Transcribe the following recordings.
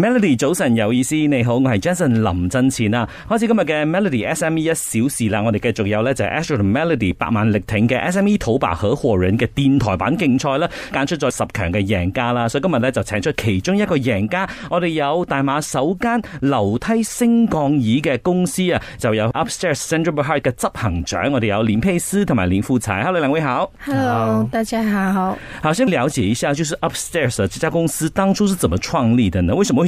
Melody 早晨有意思，你好，我係 Jason 林振前啊，開始今日嘅 Melody SME 一小時啦，我哋繼續有呢就是 Actual Melody 八萬力挺嘅 SME 土把合夥人嘅電台版競賽啦，揀出咗十強嘅贏家啦，所以今日呢，就請出其中一個贏家，我哋有大馬首間樓梯升降椅嘅公司啊，就有 Upstairs Sdn Bhd 嘅執行長，我哋有連佩斯同埋連富財哈，Hello, 兩位好，Hello, 大家好，好，先了解一下，就是 Upstairs 這家公司當初係怎麼創立的呢？為什麼？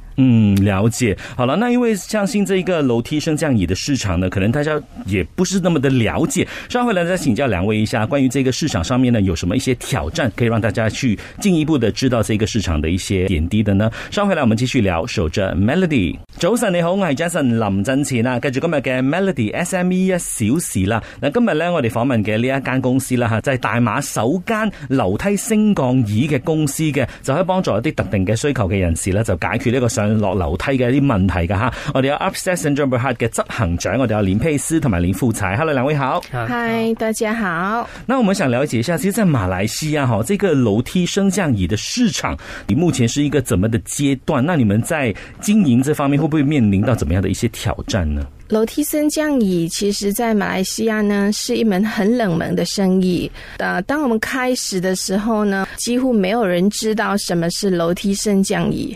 嗯，了解。好了，那因為相信這一個樓梯升降椅的市場呢，可能大家也不是那麼的了解。上回來再請教兩位一下，關於這個市場上面呢，有什麼一些挑戰可以讓大家去進一步的知道這個市場的一些點滴的呢？上回來我們繼續聊守着 Melody。早晨你好，我係 Jason 林振前啊。跟住今日嘅 Melody SME 一小時啦。嗱，今日咧我哋訪問嘅呢一間公司啦吓，就係大馬首間樓梯升降椅嘅公司嘅，就可以幫助一啲特定嘅需求嘅人士咧，就解決呢個上落樓梯嘅一啲問題嘅，我哋要 Upstairs and Downstairs 嘅執行長，我哋要林佩斯同埋林富財，Hello，兩位好，Hi，大家好。那我們想了解一下，其實在馬來西亞哈，這個樓梯升降椅的市場，你目前是一個怎麼的階段？那你們在經營這方面，會不會面臨到怎麼樣的一些挑戰呢？樓梯升降椅其實在馬來西亞呢，是一門很冷門的生意。啊，當我們開始的時候呢，幾乎沒有人知道什麼是樓梯升降椅。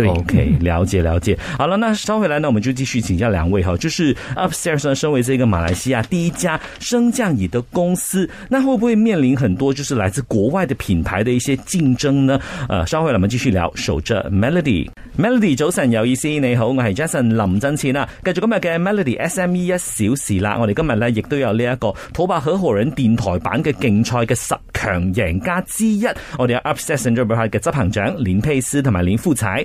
對 O.K. 了解了解，好了，那稍回來呢，那我們就繼續請教兩位哈，就是 Upstairs 呢，身為這個馬來西亞第一家升降椅的公司，那會不會面臨很多就是來自國外的品牌的一些競爭呢？呃，稍回來，我們繼續聊。守着 Melody，Melody 早晨有意思。你好，我係 Jason 林真千啦。繼續今日嘅 Melody S M E 一小時啦，我哋今日呢，亦都有呢一個土白合夥人電台版嘅競賽嘅十強贏家之一，我哋有 Upstairs Enterprise 嘅執行長林佩斯同埋林富彩。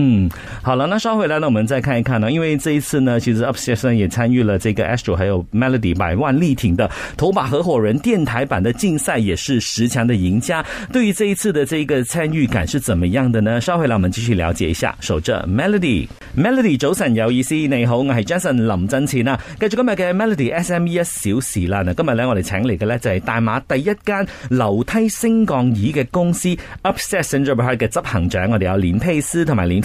嗯，好了，那稍回來呢，我們再看一看呢，因為這一次呢，其實 Upset 也參與了這個 Astro 還有 Melody 百萬力挺的頭把合伙人電台版的競賽，也是十強的贏家。對於這一次的這一個參與感是怎麼樣的呢？稍回來我們繼續了解一下。守着 Melody，Melody Mel 早晨有意思，你好，我係 Jason 林真前啊。繼續今日嘅 Melody SME 一小時啦。嗱，今日呢，我哋請嚟嘅呢就係、是、大馬第一間樓梯升降椅嘅公司 Upset Sdn Bhd 嘅執行長，我哋有林佩斯同埋林。